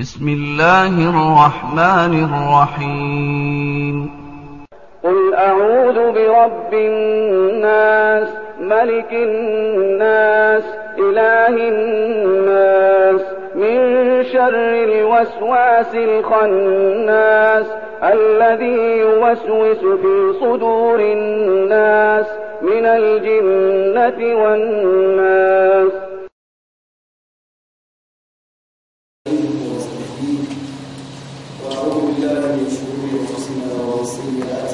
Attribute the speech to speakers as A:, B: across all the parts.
A: بسم الله الرحمن الرحيم قل أعوذ برب الناس ملك الناس إله الناس من شر الوسواس الخناس الذي يوسوس في صدور الناس من الجنة والناس the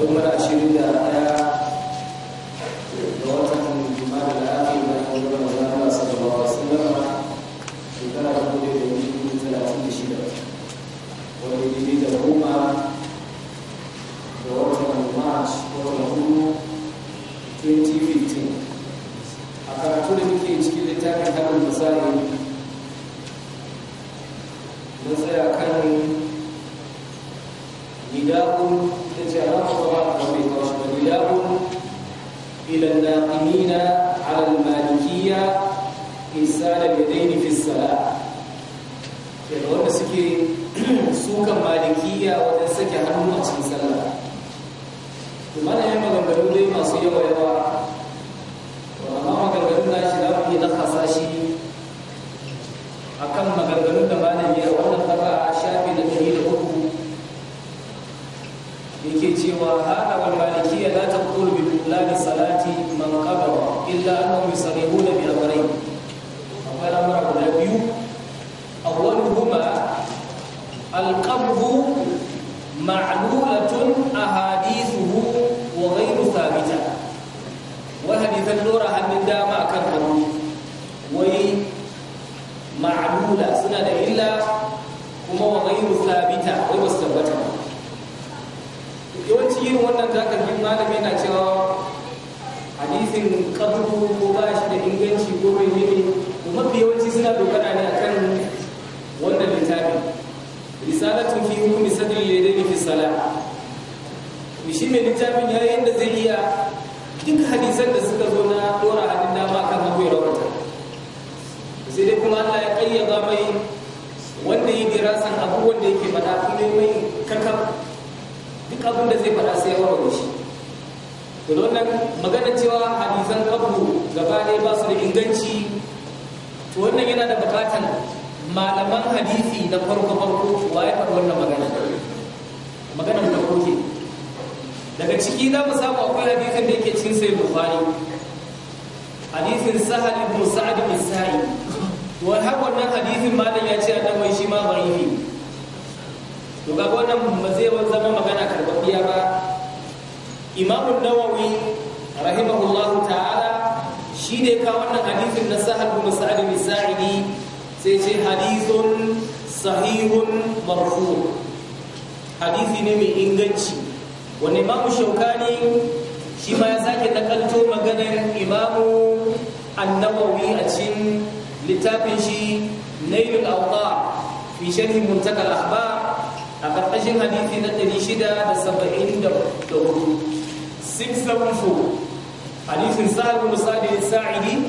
A: don mara ashirin da
B: ishalatun fi hukumi sadri yadayn fi salah mishi mai littafin ya yi zai iya duk hadisan da suka zo na dora hannun dama kan hagu ya rawata sai dai kuma Allah ya kayyaba mai wanda yi dirasan abu wanda yake faɗa kuma mai kakab duk abin da zai faɗa sai ya warware shi to wannan magana cewa hadisan kabu gaba ne ba su da inganci to wannan yana da bukatan malaman hadisi na farko farko wa ya faru wannan magana maganar da ke daga ciki za mu samu akwai hadisin da yake cin sai bukhari hadisin sahal ibn sa'ad bin sa'i wa har wannan hadisin malam ya ce annabi shi ma dhaifi to ga wannan ba zai zama magana karbabiya ba imamu nawawi rahimahullahu ta'ala shi ne ka wannan hadisin na sahal ibn sa'ad bin sai ce hadithun sahihun marfu hadithi ne mai inganci wanda imamu shaukani shi ma ya sake takalto maganar imamu annawawi a cikin littafin shi nailul auka fi sharhi muntakal akhbar a ƙarƙashin hadithi na 674 674 hadithin sa'ad bin sa'id sa'idi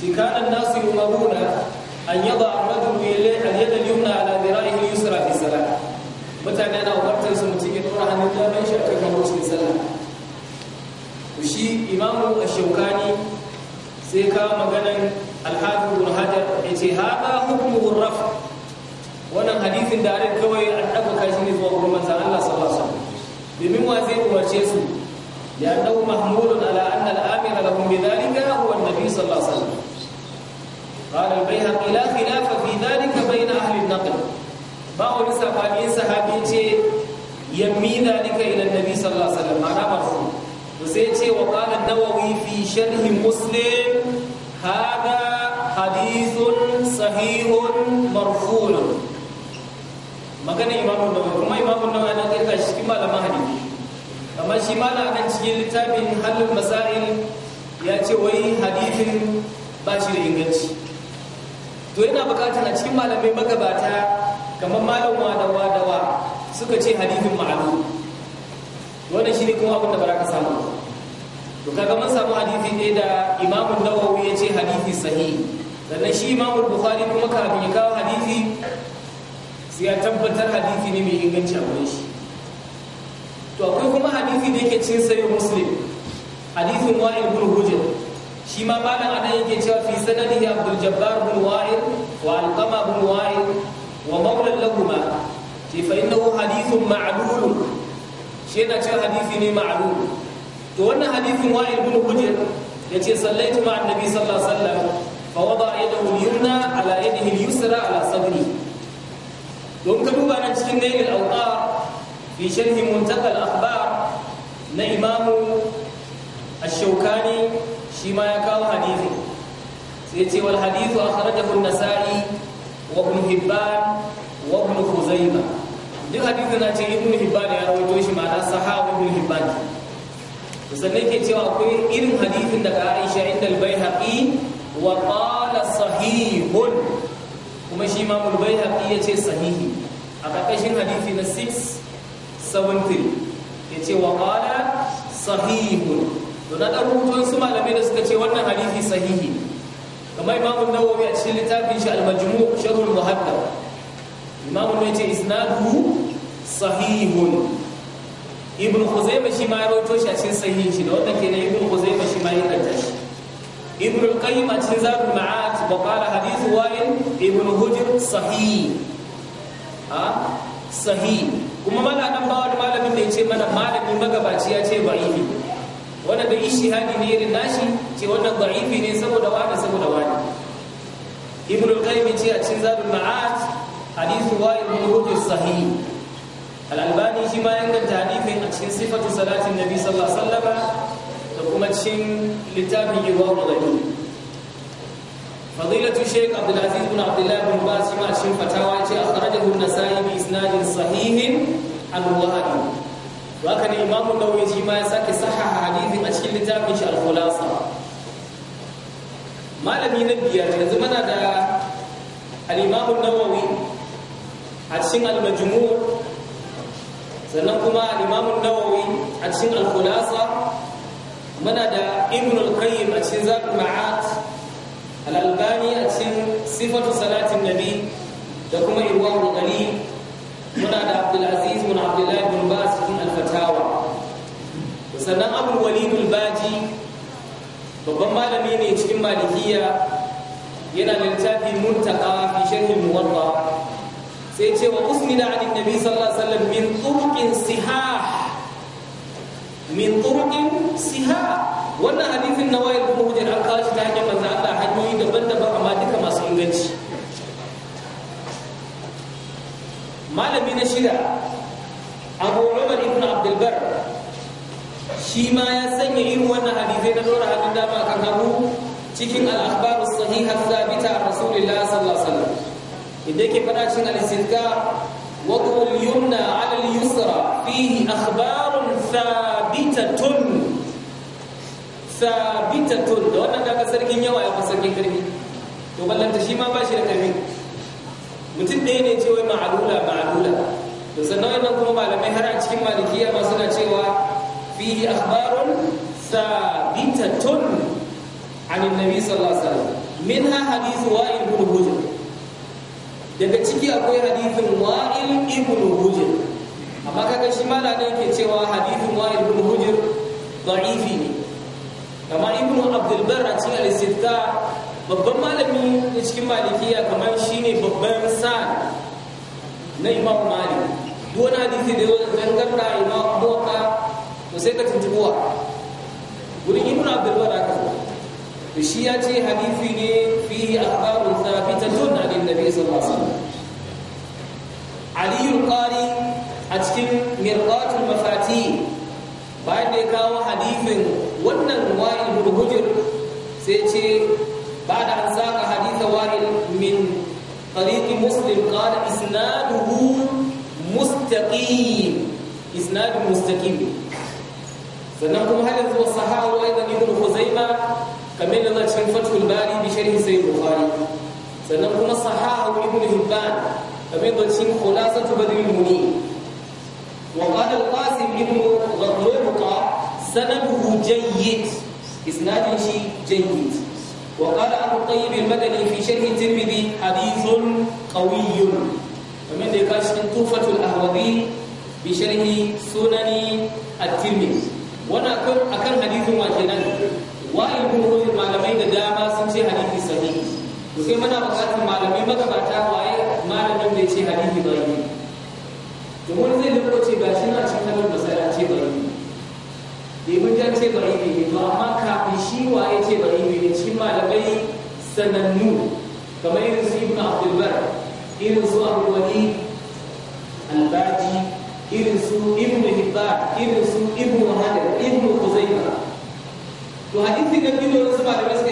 B: tikanan nasu yumaruna an yada ar-rajul al-yad al-yumna ala dhira'ihi al-yusra fi salat mutane na umartar su mutum ya dora hannun daman shi akan hagu cikin sallah shi imamu ash-shawkani sai ka maganan al-hafiz ibn hajar yace hada hukmu ar-raf wannan hadisin da arin kawai an dabbaka shi ne zuwa gurin manzon Allah sallallahu alaihi wasallam domin wa zai umarce su ya dau mahmulun ala anna al-amira lahum bidhalika huwa an-nabi sallallahu alaihi wasallam قال البيهقي لا خلاف في ذلك بين أهل النقل باو لسفابين صحابين شيء يمي ذلك إلى النبي صلى الله عليه وسلم أنا مرفوع وسيتي وقال النووي في شرح مسلم هذا حديث صحيح مرفوع magana imamu nawawi kuma imamu nawawi na kirka shi cikin malaman hadisi amma shi na kan cikin littafin halin masail ya ce wai hadisin ba shi da inganci to yana bukatar a cikin malamai magabata kamar malam wadawa dawa suka ce hadithin ma'alu wannan ne kuma abin da ka samu to kaga mun samu hadithi ne da Imam Nawawi ya ce hadithi sahi sannan shi imamun bukari kuma kafin ya kawo hadithi sai ya tabbatar hadithi ne mai inganci a wurin shi to akwai kuma hadithi da yake cin sayo muslim hadithin wa'il bin shi ma malam anan yake cewa fi sanadihi abdul jabbar bin wa'il wa alqama bin wa'il wa mawlan lahuma ce fa innahu hadithun ma'lul shi yana cewa hadisi ne ma'lul to wannan hadithin wa'il bin hujr yace sallaitu ma'an nabi sallallahu alaihi wasallam fa wada yadahu al-yumna ala yadihi al-yusra ala sadri don ka duba nan cikin nailul awqa fi sharhi muntaqa al-akhbar sai ce wal hadithu akhrajahu an-nasa'i wa ibn hibban wa ibn khuzaimah duk hadithu na ce ibn hibban ya rawaito shi ma'ana sahabu ibn hibban sannan ke cewa akwai irin hadithin daga Aisha inda al-Baihaqi wa qala sahihun kuma shi Imam al-Baihaqi yace sahihi a ƙarƙashin hadisi na 673 yace wa qala sahihun to na dan rubutun su malamai da suka ce wannan hadisi sahihi kamar imamu nawawi a cikin littafin shi al-majmu' sharhul muhaddab imamu ne ce isnaduhu sahihun ibnu khuzaimah shi ma ya rawaito shi a cikin sahihin shi da wanda kenan ibnu khuzaimah shi ma ya inganta shi ابن ma'at wa qala hadithu wa in ibnu hujr sahih ha sahih kuma malamin bawa da malamin da yace mana malami magabaci ya ce ba'ihi wannan da ishihadi ne irin nashi ce wannan da'ifi ne saboda wani saboda wani ibn al-qayyim ce a cikin zadul ma'ad hadithu wa ibn ruhi sahih al-albani shi ma inganta hadithin a cikin sifatu salatin nabi sallallahu alaihi wasallam da kuma cikin littafin irwa da فضيلة الشيخ عبد العزيز بن عبد الله بن باز شمع شمع فتاوى أخرجه النسائي بإسناد صحيح عن وهبي haka ne imamu nawawi shi ma ya sake sahaha hadisi a cikin littafin shi al-khulasa malami na biyar yanzu mana da al-imamu nawawi a cikin al-majmu' sannan kuma al-imamu nawawi a cikin al-khulasa muna da ibn al-qayyim a cikin zabul ma'at al-albani a cikin sifatu salatin nabi da kuma irwaul qalil muna da abdulaziz bin abdullahi bin bas cikin alfatawa sannan abu walidul baji babban malami ne cikin malikiya yana da littafi muntaka fi sharhi muwatta sai ce wa usnida an annabi sallallahu alaihi wasallam min turqin sihah min turqin sihah wannan hadithin nawayil kuma hujjar an kawo shi ta hanyar manzo Allah hanyoyi daban-daban amma duka masu inganci malami na shida abu umar ibn abdulbar shi ma ya sanya irin wannan hadisai na dora hannun dama kan hagu cikin al-akhbaru sahiha thabita rasulillah sallallahu alaihi wasallam inda yake fada cikin al-istidka وضع اليمنى على اليسرى فيه أخبار da wannan وانا كاكا سرقين يوا يا سرقين كريم to ballanta shi ma ba shi da karfi mutum ɗaya ne cewa ma'alula ma'alula to sannan wannan kuma malamai har a cikin malikiya ma suna cewa fihi akhbarun sabitatun an annabi sallallahu alaihi wasallam minha hadith wa'il ibn hujr daga ciki akwai hadithin wa'il ibn hujr amma kaga shi malamin yake cewa hadithin wa'il ibn hujr da'ifi ne kamar ibn abdul barra cikin al-istithqa babban malamin. yake cikin malikiya kamar shi ne babban sa na imam mali duk wani hadisi da yau zangar da imam mota to sai ka tuntubuwa wurin ibn aka baraka Da shi ya ce hadisi ne fi akhbarun thabitatun an nabi sallallahu alaihi wasallam ali qari a cikin mirqatul mafati bayan da ya kawo hadisin wannan wa'il hujr sai ce bada أن ساق حديث وائل من طريق مسلم قال إسناده مستقيم إسناد مستقيم sannan kuma har yanzu wasu aidan ibn khuzaima kamar yanzu cikin fathul bari bi sharhi sayyid bukhari sannan kuma sahabu ibn hibban kamar yanzu cikin khulasatu badrul muni wa qala al-qasim ibn ghadruqa sanaduhu jayyid isnadin shi jayyid وقال أبو الطيب المدني في شرح الترمذي حديث قوي ومن ذلك توفة الأهوذي بشرح سنن الترمذي وانا أكن حديث واجنا وائل بن هذر malamai da dama sun ce hadisi sahihi to sai muna bukatar malamai magabata waye malamin da ya ce hadisi ba to wani zai lura ce gashi na cikin kalmar masala ce ba domin ta ce bari ne to amma kafin shi wa ya ce bari ne cikin malamai sanannu kamar irin su ibn abdulbar irin su abulwali albaji irin su ibn hibbar irin su ibn hadar ibn kuzaiba to hadisi na biyu da wasu malamai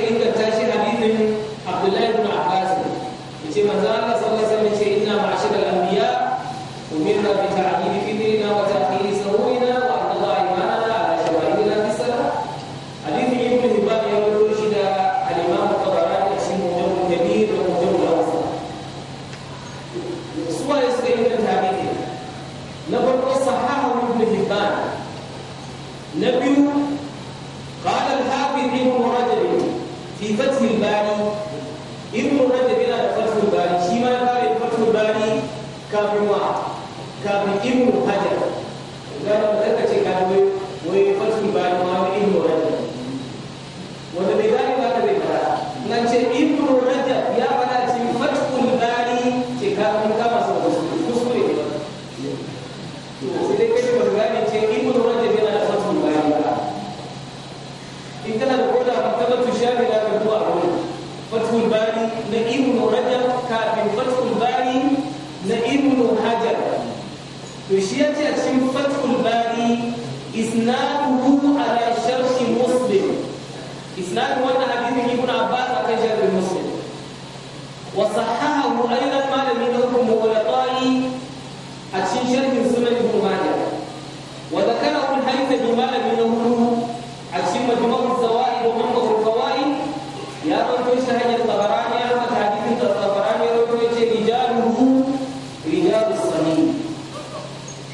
B: Islamin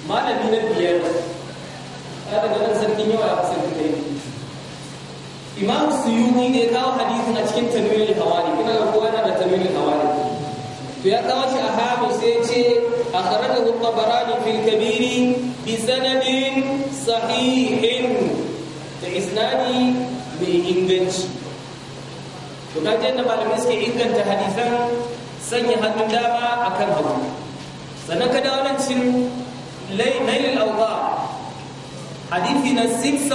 B: malami na biyar ta daga nan sarkin yawa ya kusa kai imam suyuni da ya kawo hadisi a cikin tanwil hawari kina ga kowa yana da tanwil hawari to ya kawo shi a habu sai ya ce a tsarar da tabarani fil kabiri bi sanadin sahihin da isnadi mai inganci to kaje da malamai suke inganta hadisan sanya hannun dama a kan hagu sannan ka dawo nan cikin nailil auza hadithi na 675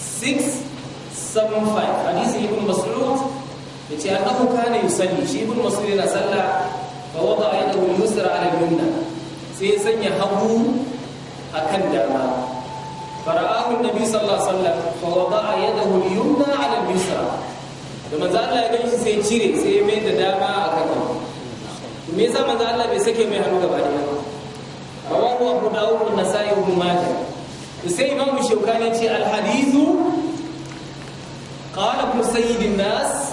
B: 675 hadithi ibn mas'ud ya ce annahu kana yusalli shi ibn mas'ud yana sallah fa wada yadahu al-yusra ala al-yumna sai ya sanya hagu akan dama فرآه النبي صلى الله عليه وسلم فوضع يده اليمنى على اليسرى da manzo Allah ya ganshi sai cire sai ya mai da dama a kan me yasa manzo Allah bai sake mai hannu gaba daya rawahu abu dawud wa nasa'i ibn majah sai imam shaukani ce al hadithu qala ibn sayyid an-nas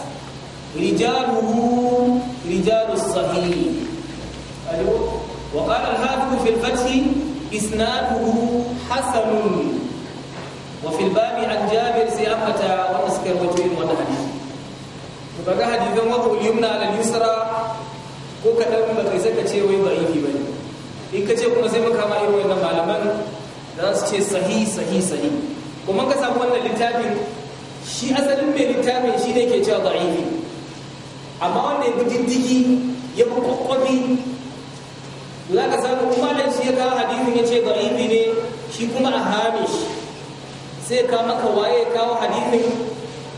B: rijaluhu rijalu as-sahih alo wa qala al-hafiz fi al-fath isnaduhu hasanun wa fi al-bab an jabir sai wa askar wa tu'in wa hadith to kaga hadithan wa yumna al-yusra ko kaɗan ba kai zaka ce wai ba ifi ba ne in ka ce kuma sai maka ma irin wannan malaman za su ce sahi sahi sahi kuma ka samu wannan littafin shi asalin mai littafin shi ne ke cewa ba ifi amma wanda ya bi diddigi ya bi kwakwabi za ka samu kuma da shi ya kawo hadisin ya ce ba ifi ne shi kuma a hamish sai ka maka waye kawo hadisin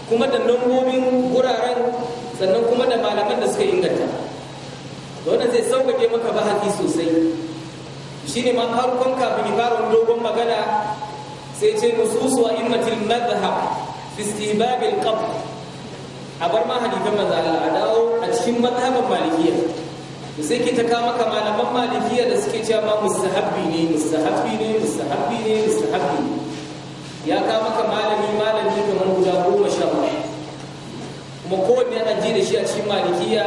B: kuma da lambobin wuraren sannan kuma da malaman da suka inganta wannan zai sauƙaƙe maka bahasi sosai shine ma harkon kafin fara dogon magana sai ce nusus wa immatil madhhab fi istihbab al qabr a bar ma hadithan manzo Allah a dawo a cikin madhhaban malikiyya sai ki ta kama maka malaman malikiyya da suke cewa ma mustahabbi ne mustahabbi ne mustahabbi ne mustahabbi ne ya kama maka malami malami kamar guda goma sha kuma kowanne ana ji da shi a cikin malikiyya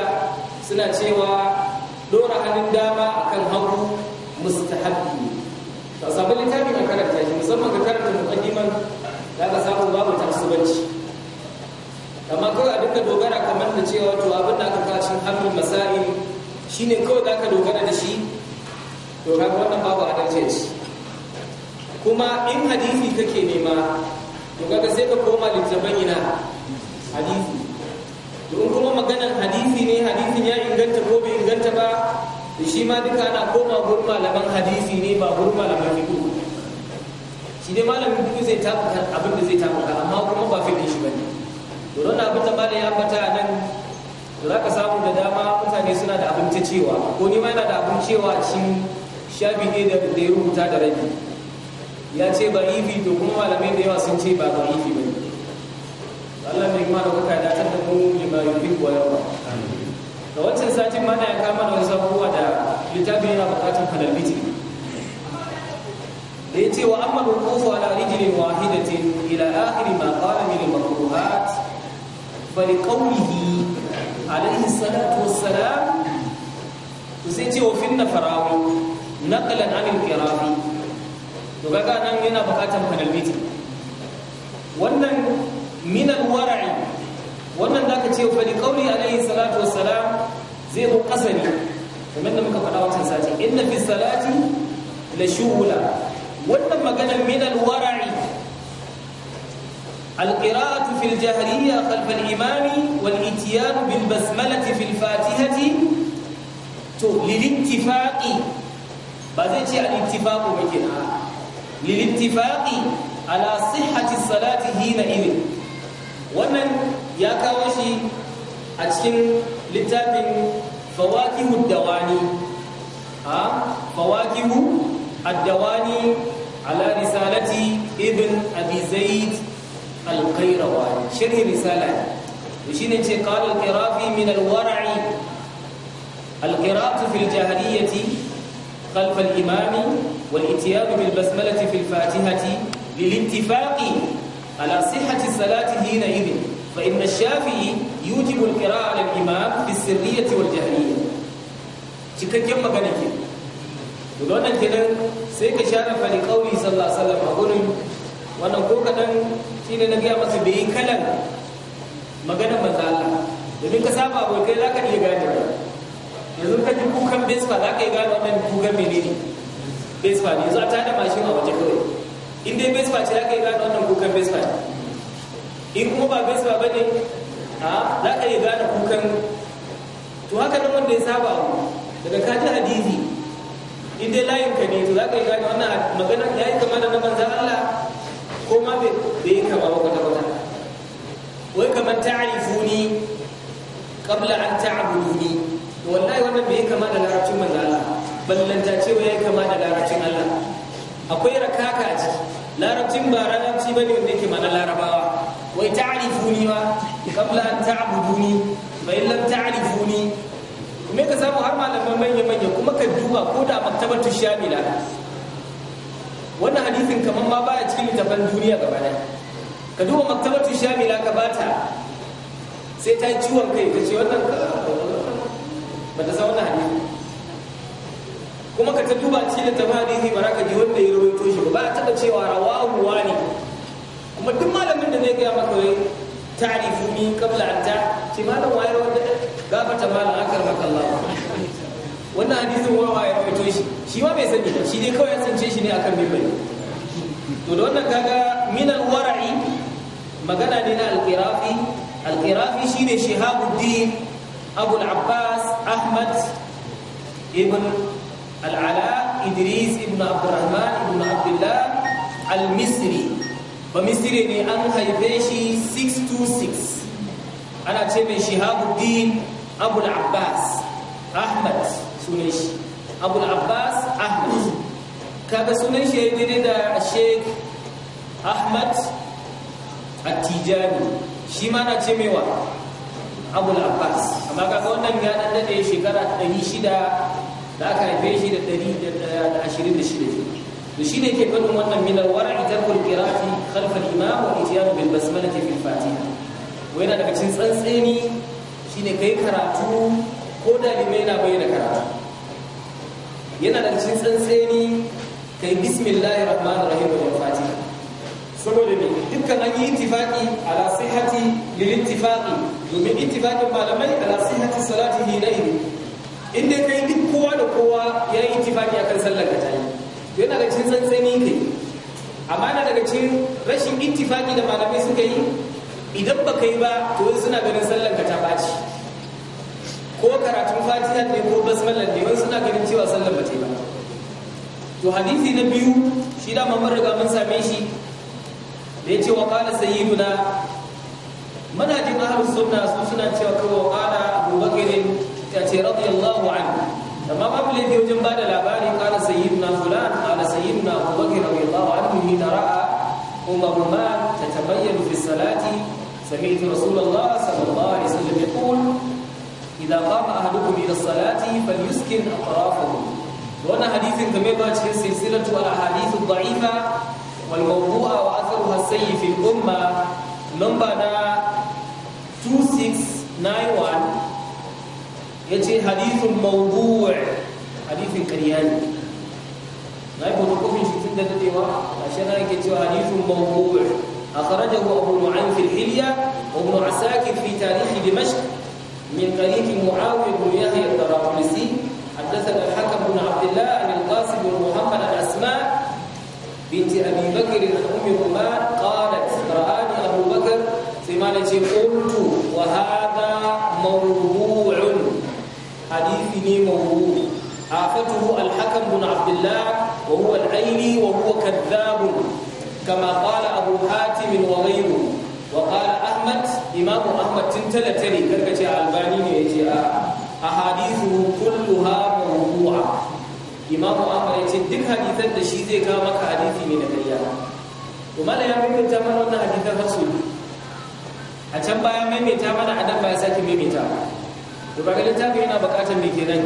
B: suna cewa dora hannun dama akan hagu mustahabbi ne ka littafi a karanta shi musamman ka karanta muqaddiman da ka samu babu tafsibanci amma kawai a duka dogara kamar da cewa to abin da aka hannun masari shine kawai za ka dogara da shi to kaga wannan babu adalci ce kuma in hadisi kake nema to kaga sai ka koma littafan ina hadisi don kuma maganar hadisi ne hadisin ya inganta ko bai inganta ba da shi ma duka ana koma gurin malaman hadisi ne ba gurin malaman fiqh shi ne malamin fiqh zai tafuka abin da zai tafuka amma kuma ba fiqh shi bane to don abin da malam ya fata a nan to zaka samu da dama mutane suna da abin ta cewa ko ni ma yana da abin cewa shi shafi ne da ya rubuta da rabi ya ce ba ifi to kuma malamai da yawa sun ce ba ba ifi bane Allah mai kuma da kuka datar lima yuhibbu wa yarda da wancan satin mana ya kama da wasu abubuwa da littafin yana bukatar halalbiti da ya ce wa amma rukufu ala rijilin ila akhiri ma qala min al-makruhat fa li qawlihi alayhi salatu wassalam to sai ce wa naqlan an al to kaga nan yana bukatar halalbiti wannan min al-wara'i wannan zaka ce fa li qawli alayhi salatu wassalam zai zo kasani kamar da muka faɗa wannan sati inna fi salati la shughla wannan maganar min al-wara'i القراءة في الجهرية خلف الإمام والإتيان بالبسملة في الفاتحة للاتفاق na lil ittifaqi ala sihhati salati hina حينئذ wannan ya kawo shi a cikin littafin fawakihu dawani a fawakihu addawani ala risalati ibn abi zaid al-qayrawani sharhi risala shine ce qala al-qirafi min al-wara'i al-qira'atu fil jahiliyyati خلف الإمام والإتيان بالبسملة في الفاتحة للاتفاق على صحة الصلاة حينئذ فإن الشافعي يوجب القراءة للإمام في السرية والجهرية cikakken magana ke da wannan kenan sai ka share fari kauli sallallahu alaihi wasallam a gurin wannan ko kadan shine na gaya masa bai kalan maganar manzo Allah domin ka saba abokai zaka iya gane yanzu ka ji kukan besfa zaka iya gane wannan kukan menene besfa ne yanzu a tada mashin a waje kawai in dai besfa ce zaka iya gane wannan kukan besfa ne in kuma ba gaisuwa ba ne a za ka iya gane kukan to haka nan wanda ya saba daga kaji hadisi in dai layin ka ne to za ka iya gane wannan magana ya yi kama da na manzan Allah ko ma bai yi kama ba kwata kwata wai kamar ni kabla an ni wallahi wannan bai yi kama da larabcin manzan Allah ballanta cewa ya yi kama da larabcin Allah akwai rakaka a ciki larabcin ba larabci ne wanda yake mana larabawa wai ta'rifuni ma qabla an ta'buduni fa in lam ta'rifuni me ka samu har malaman manya manya kuma ka duba ko da maktabatu shamila wannan hadisin kamar ma baya cikin littafin duniya gaba daya ka duba maktabatu shamila ka bata sai ta ciwon kai ta ce wannan ba ta san wannan hadisi kuma ka ta duba cikin littafin hadisi ba za ka ji wanda ya rawaito shi ba ba a taɓa cewa rawahu wani duk malamin da zai gaya maka wai ta'rifu min kabla an ta ce malam waye wanda gafata malam akar makallah wannan hadisin wawa ya fito shi shi ma bai sani shi dai kawai ya tsince shi ne akan bibali to da wannan kaga min al-wara'i magana ne na al-qirafi al-qirafi shine shihabuddin abu al-abbas ahmad ibn al-ala idris ibn abdurrahman ibn abdullah al-misri ba Misiri ne an haife shi 626 ana ce mai shihabuddin abul abbas ahmad sunan shi abul abbas ahmad kaga sunan shi ya yi da sheik ahmad attijani shi ma na ce wa abul abbas amma kaga wannan ya dan dade shekara 600 da aka haife shi da 126 to shine ke fadin wannan min alwara'i tarkul qira'ati khalf al-imam wa itiyanu bil basmalati fil fatiha wai yana daga cikin tsantseni shine kai karatu ko da limai na bayyana karatu yana daga cikin tsantseni kai "Bismillahi rahmanir rahim wa fatiha saboda ne dukkan an yi ittifaqi ala sihhati lil ittifaqi domin ittifaqin malamai ala sihhati salatihi na idi inda kai duk kowa da kowa ya yi ittifaqi akan sallar ka tayi yana da cin tsantsani ne. amma yana daga cikin rashin ittifaki da malamai suka yi idan ba kai ba to suna ganin sallar ka ta baci ko karatun fatiha ne ko basmalar ne wani suna ganin cewa sallar ba ta ba to hadisi na biyu shi da mamman riga mun same shi da ce wa qala sayyiduna manhajin ahlus sunna su suna cewa kawo qala abubakirin ta ce radiyallahu anhu amma babu laifi wajen ba labarin labari qala sayyiduna fulan سيدنا أبو بكر رضي الله عنه حين رأى أمهما تتبين في الصلاة سمعت رسول الله صلى الله عليه وسلم يقول إذا قام أحدكم إلى الصلاة فليسكن أطرافه وأنا حديث كما يبقى سلسلة الأحاديث الضعيفة والموضوع وأثرها السيء في الأمة نمبرنا 2691 يجي حديث موضوع حديث كرياني غيب وقوف في سنة ديوا عشان هيك حديث موضوع اخرجه ابو نعيم في الحليه وابن عساكر في تاريخ دمشق من طريق معاويه بن يحيى الطرابلسي حدثنا الحكم بن عبد الله عن القاسم بن محمد عن اسماء بنت ابي بكر ام عمان قالت رآني ابو بكر في مالتي قلت وهذا موضوع حديثني موضوع عافته الحكم بن عبد الله وهو العيني وهو كذاب كما قال أبو حاتم وغيره وقال أحمد إمام أحمد تنتلتلي كركة ألباني يجي أحاديثه كلها موضوعة إمام أحمد يجي دك حديثا دشي زي كامك حديثي من الرياء وما لا يمكن تمر أن حديثا فصل أتم بايا ميميتا من أدم بايا ساكي ميميتا وبقى لتابعنا بقاتا ميكينا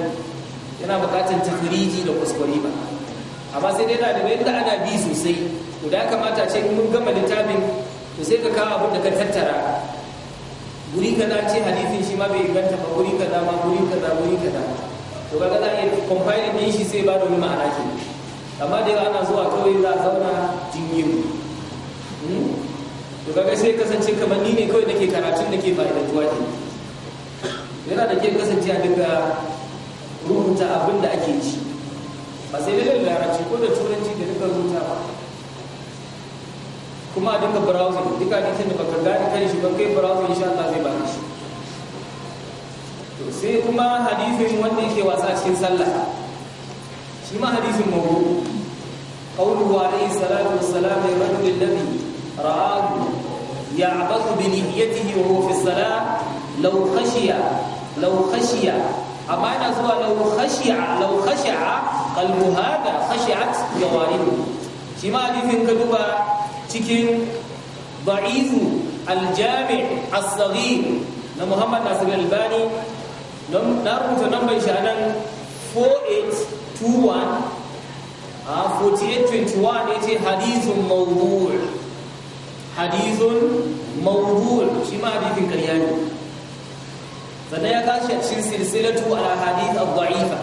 B: yana buƙatar tahriji da kuskure ba amma sai dai ɗalibai da ana bi sosai to da kamata ce mun gama littafin to sai ka kawo abin da ka tattara guri kaza ce hadisin shi ma bai inganta ba guri kaza ma guri kaza guri kaza to ka za a iya compiling din shi sai ba da wani ma'ana ke amma da yawa ana zuwa kawai za a zauna jinyin hmm? to kaga sai kasance kamar ni ne kawai nake karatun nake tuwa ke yana da ke kasance a duka rubuta abin da ake ci ba sai da larabci ko da turanci da duka rubuta ba kuma a duka browsing duka nitin da baka gane kan shi ba kai insha Allah zai ba. shi to sai kuma hadisin wanda yake wasa cikin sallah shi ma hadisin qawlu wa alayhi salatu wassalamu li rajulin ladhi ra'ahu ya'bathu bi niyyatihi wa huwa fi salah law khashiya law khashiya amma yana zuwa lau khashi'a lau khashi'a qalbuha da khashi'at jawarihi shi ma hadisin ka duba cikin da'ifu al-jami' as-saghir na Muhammad Nasir al Albani na rubuta namban shi anan 4821 a 4821 yace hadithun mawdu' hadithun mawdu' shi ma hadisin ƙarya ne sannan ya kashi a cikin silsilatu ala hadith al daifa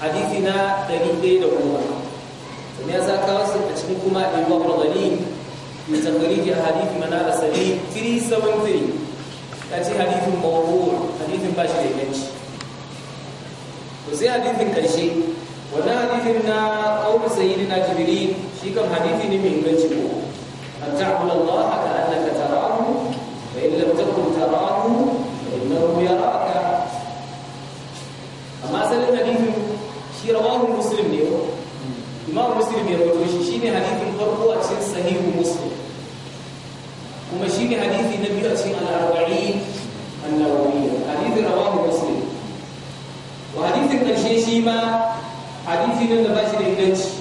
B: hadithi na da 110 sannan ya sa kawo su a cikin kuma ibn ghani min hadithi mana da sahih 373 kace hadithin mawdu' hadithin shi da yanci to sai hadithin karshe wannan hadithin na qawl sayyidina jibril shi kan hadithi ne mai inganci ko an ta'ala Allah ka annaka tarahu wa illam takun tarahu imam muslim ya rawaito shi shine hadithin farko a cikin sahihu muslim kuma shine hadithi na biyu a cikin al-arba'in an-nawawiyya hadithin rawahu muslim wa hadithin karshe shi ma hadithi ne da ba shi da inganci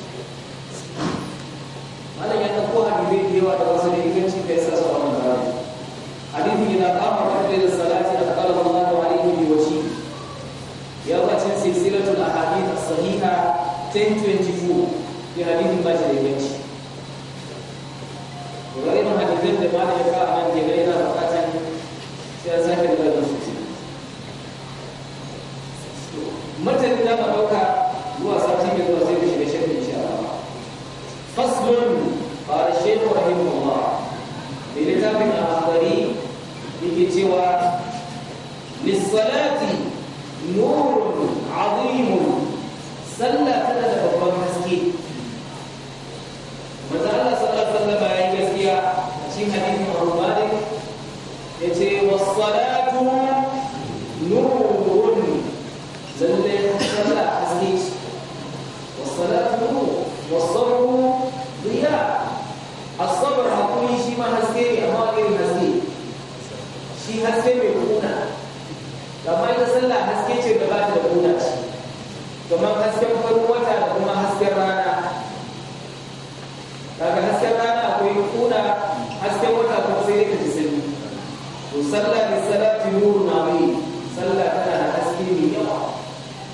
B: yusalla bi salati na azim tana da haske mai yawa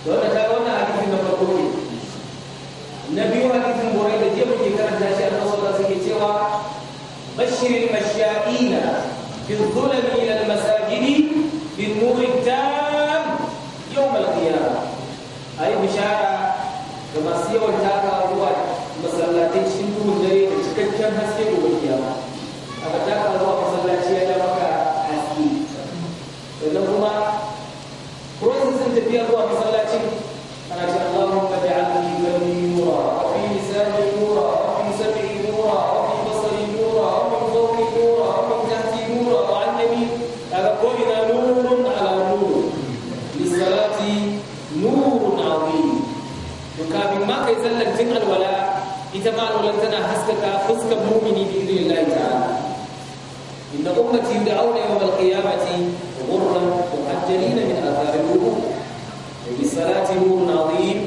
B: to da ta wannan hadisi na farko ne na biyu hadisin burai da je muke karanta shi a sallallahu alaihi suke cewa bashirin mashyaina bi dhulami حتى المؤمنين باذن الله تعالى ان امتي يدعون يوم القيامه غرا مؤجلين من اثار الوضوء وبصلاه نور عظيم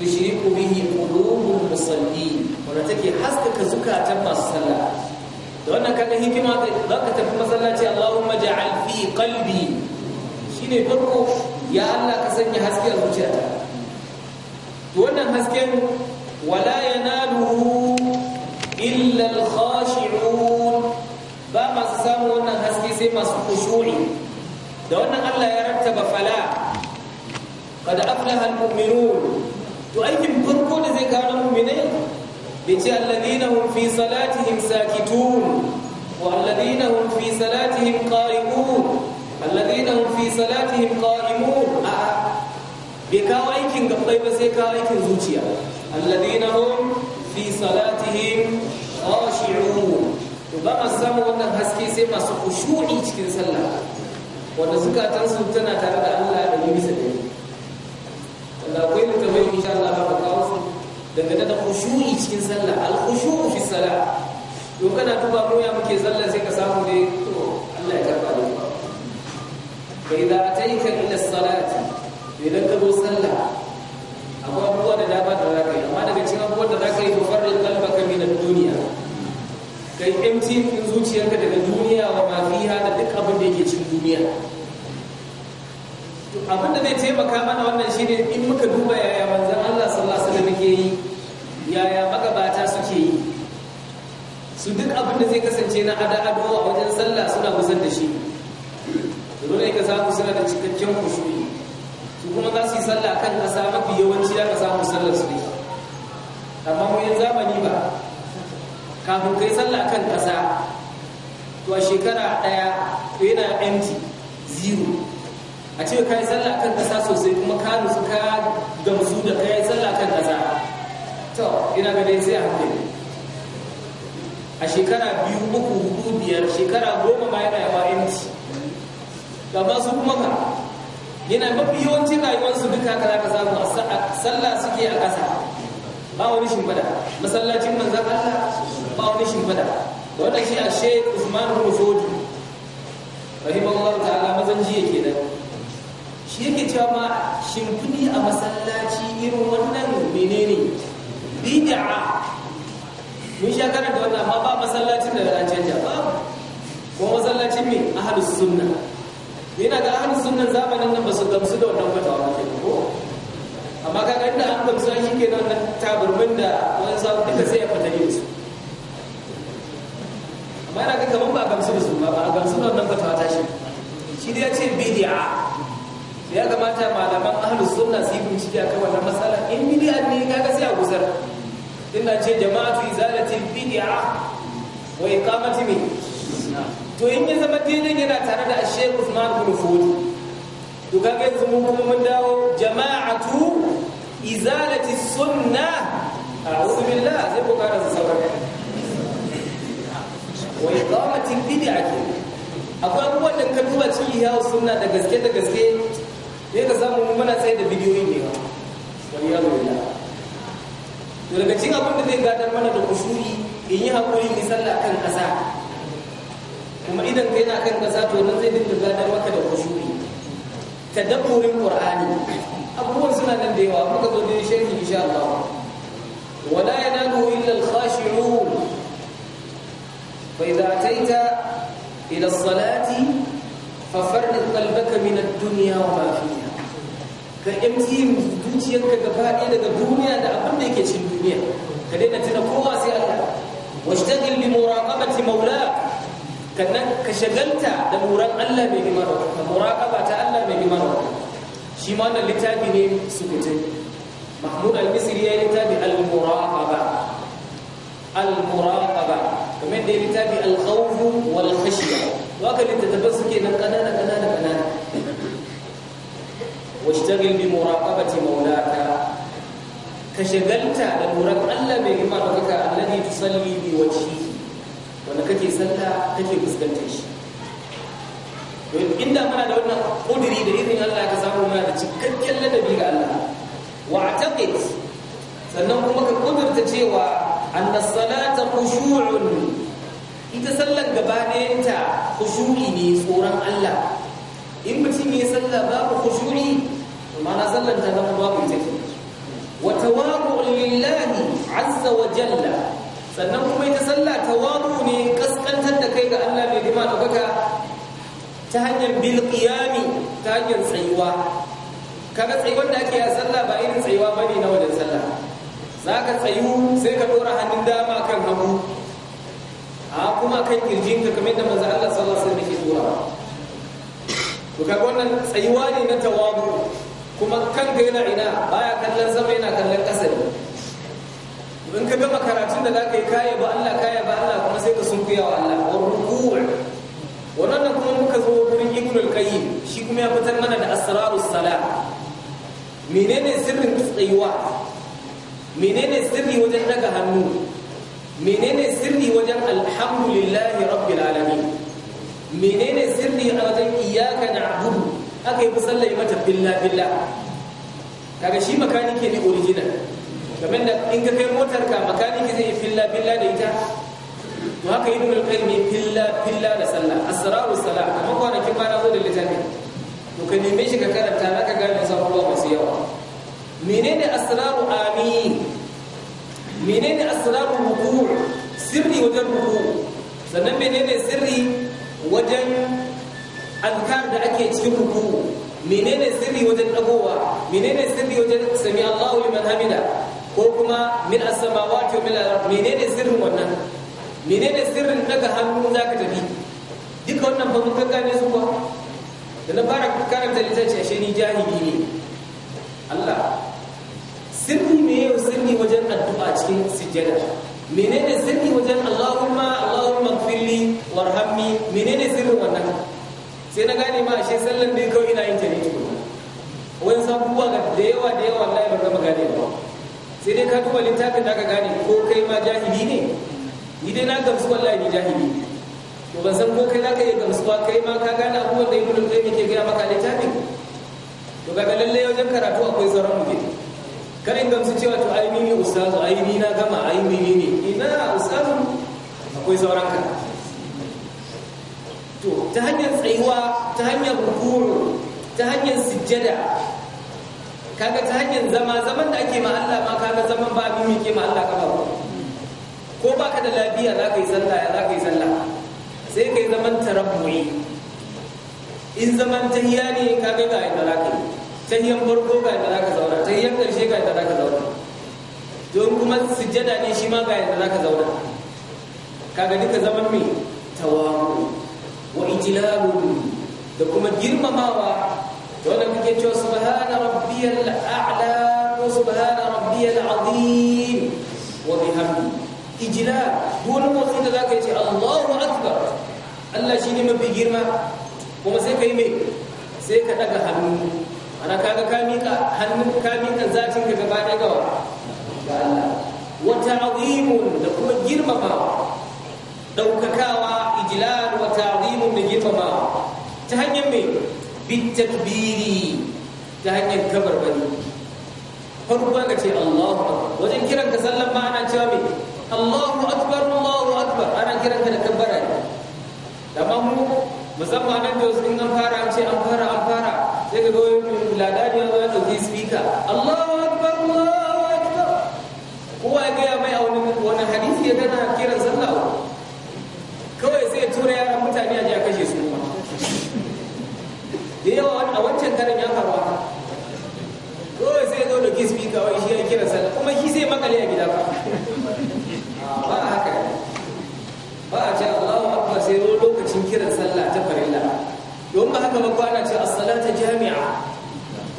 B: تشرق به قلوب المصلين ونتكي حسك كزكا تم الصلاه وانا كان هيك ما ذاك تفهم صلاتي اللهم اجعل في قلبي شيني بركو يا الله كسني حسكي ازوجا وانا حسكي ولا khushu'i da wannan Allah ya rattaba fala qad aflaha almu'minun to aikin farko da zai kawo mu'minai bai ce alladhina hum fi salatihim sakitun wa alladhina hum fi salatihim qari'un alladhina hum fi salatihim qa'imun a bai kawo aikin gabbai ba sai kawo aikin zuciya alladhina hum fi salatihim khashi'un to ba a samu wannan haske sai masu kushu'i cikin sallah wanda zukatansu tana tare da Allah da yi bisa da yi wanda akwai littafai insha Allah ba kawo su dangane da kushu'i cikin sallah al-khushu'u fi salah to kana duba ko ya muke sallah sai ka samu dai? to Allah ya karba da fa idza ataika ila salati idan ka zo sallah akwai abubuwa da dama da zaka yi amma daga cikin abubuwan da zaka yi to sai mt zuciyarka daga duniya wa mafiya da duk abin da yake cin duniya abin da zai taimaka mana wannan shi ne in muka duba yaya manzan Allah sallallahu alaihi wasallam ke yi yaya magabata suke yi su duk abin da zai kasance na ada ado a wajen sallah suna kusan da shi dole ka samu suna da cikakken kushuri su kuma za su yi sallah kan kasa mafi yawanci ya ka samu sallar su ne amma mu yin zamani ba kafin kai sallah kan ƙasa to a shekara ɗaya yana empty zero a ce ka yi sallah kan ƙasa sosai kuma ka nusu ka gamsu da ka yi sallah kan ƙasa to ina ga dai sai a hankali a shekara biyu uku hudu biyar shekara goma ma yana yawa empty ba su kuma ka yana mafi yawancin rayuwarsu duka ka za ka samu a sallah suke a ƙasa ba wani shimfada masallacin manzan Allah ma'aunin shimfiɗa da wannan shi a shek usman rufodi ta ta'ala mazan jiya ke nan shi yake cewa ma shimfiɗi a masallaci irin wannan menene bid'a mun sha da wannan amma ba masallacin da an canja ba ko masallacin me ahlus sunna yana ga ahlus sunna zamanin nan ba su gamsu da wannan fatawa ba ko amma ga inda an gamsu shi kenan nan taburmin da wani sabu duka sai ya fata ne su mana ga kamar ba gamsu da su ba ba gamsu da wannan fatawa tashi shi dai ya ce bidi'a ya kamata malaman ahlus sunna su yi bincike akan wannan matsala in bid'a ne kaga sai a gusar ina ce jama'atu izalati bid'a wa iqamati min to in ya zama dinin yana tare da Sheikh Usman bin Fodi to kaga yanzu mun kuma mun dawo jama'atu izalati sunna a'udhu billahi sai ku su sauran wa iqamatin bid'a ke akwai abubuwan da ka duba ciki ya sunna da gaske da gaske ne ka samu muna tsaye da bidiyoyi ne ba wani yaro ya to daga cikin abin da zai gadar mana da kusuri in yi hakuri ni sallah kan ƙasa. kuma idan kai na kan ƙasa to nan zai dinga gadar maka da kusuri tadabburin qur'ani abubuwan suna nan da yawa muka zo da sharhi insha Allah wala yanalu illa al-khashi'un فإذا أتيت إلى الصلاة ففرد قلبك من الدنيا وما فيها كأمتي دوتيك كفاء إلى الدنيا لا لك في الدنيا كلنا تنقوها سيئة واشتغل بمراقبة مولاك كأنك شغلت بمراقبة الله بهمارك مراقبة الله بهمارك شمان اللتابه سكتين محمود المصري يلتابه المراقبة المراقبة kamar da ya littafi alkhawfu wal khashiya to haka littattafan suke nan kanana kanana kanana washtagil bi muraqabati maulaka ka shagalta da lura Allah bai gima da kaka alladhi tusalli bi wajhi wanda kake sallah kake fuskantar shi inda muna da wannan kudiri da irin Allah ka samu muna da cikakken ladabi ga Allah wa sannan kuma ka kudurta cewa anna salata khushu'un ita sallar gaba ɗayanta khushu'i ne tsoron Allah in mutum ya sallah babu khushu'i ma'ana sallar ta zama babu ita wa tawadu'un lillahi azza wa jalla sannan kuma ita sallah tawadu ne kaskantar da kai ga Allah mai girma da baka ta hanyar bil ta hanyar tsayuwa da ake a sallah ba irin tsayuwa bane na wajen za ka tsayu sai ka ɗora hannun dama kan hagu a kuma kan ka kamar da maza Allah sallallahu alaihi wasallam yake dora to wannan tsayuwa ne na tawadu kuma kanka yana ina baya kallon sama yana kallon ƙasa ne in ka gama karatun da zaka yi kaya ba Allah kaya ba Allah kuma sai ka sunkuya wa Allah wa ruku'u wannan kuma muka zo gurin Ibn al-Qayyim shi kuma ya fitar mana da asrarus salah menene sirrin tsayuwa menene sirri wajen daga hannu menene sirri wajen alhamdulillahi rabbil alamin menene sirri a wajen iyyaka na'budu aka yi musallai mata billa billa kaga shi makanike ne original kamar da in ka kai motar ka makanike zai yi billa billa da ita to haka ibn al-qayyim billa billa da sallah asraru sallah amma kwanakin ba na zo da littafi to ka neme shi ka karanta ka gane sabon masu yawa menene asraru amin menene asraru ruku sirri wajen ruku sannan menene sirri wajen azkar da ake cikin ruku menene sirri wajen dagowa menene sirri wajen sami Allahu liman hamida ko kuma min as-samawati wa min al menene sirrin wannan menene sirrin daga hannu zaka tafi duka wannan ba mun ne su ba da na fara karanta littafi ashe ni jahili ne Allah sirri me yau sirri wajen addu'a cikin sujjada menene sirri wajen Allahumma Allahumma gfirli warhamni menene sirri wannan sai na gane ma ashe sallan da kawai ina yin jari tukuna wani sabuwa ga da yawa da yawa Allah ya gama gane ba sai dai ka duba littafin da ka gane ko kai ma jahili ne ni dai na gamsu wallahi ni jahili ne to ban san ko kai za ka iya gamsuwa kai ma ka gane abubuwan da ibnu qayyim ke gaya maka littafin to kaga lalle wajen karatu akwai sauran muke kar in gamsu cewa to ai ni ne ustazu ai ni na gama ai ni ni ne ina ustazu akwai sauran ka to ta hanyar tsayuwa ta hanyar rukuru ta hanyar sujjada kaga ta hanyar zama zaman da ake ma Allah ma kaga zaman ba abin yake ma Allah kaba ko baka da lafiya za ka yi sallah ya za ka yi sallah sai kai zaman tarabbuyi in zaman tahiya ne ka ga ga inda zaka yi hiyan farko ga inda zaka zauna Ta hiyan karshe ga inda zaka zauna don kuma sujjada ne shi ma ga inda zaka zauna ga duka zaman me tawamu wa ijlalu da kuma girmamawa da wannan kake cewa subhana rabbiyal a'la wa subhana rabbiyal azim wa bihamdi ijlal duk wani motsi da zaka yi ce Allahu akbar Allah shi ne mafi girma kuma sai ka yi mai sai ka daga hannu ana kaga ka mika hannun ka mika zatin ka gaba ɗaya ga Allah wa ta'zimun da kuma girmama daukakawa ijlal wa ta'zimun da girmama ta hanyar mai bitakbiri ta hanyar kabar-bari. kabarbani farko ka ce Allahu akbar wajen kiran ka sallan ma ana cewa mai Allahu akbar Allahu akbar ana kiran ka da kabbara amma mu musamman nan da wasu an fara an ce an fara an fara sai ka gawai ladani ya zo ya ɗauki speaker Allahu akbar Allah akbar kowa ya gaya mai a wani wani hadisi ya tana kiran sallah kawai sai ya tura yaran mutane a je kashe su kuma da yawa a wancan karin ya faruwa kawai sai ya zo da gisbi wai shi ya kiran sallah kuma shi sai makale a gida ba ba haka ba a ce Allah akbar sai lokacin kiran sallah ta don ba haka ba kwana ce a salata jami'a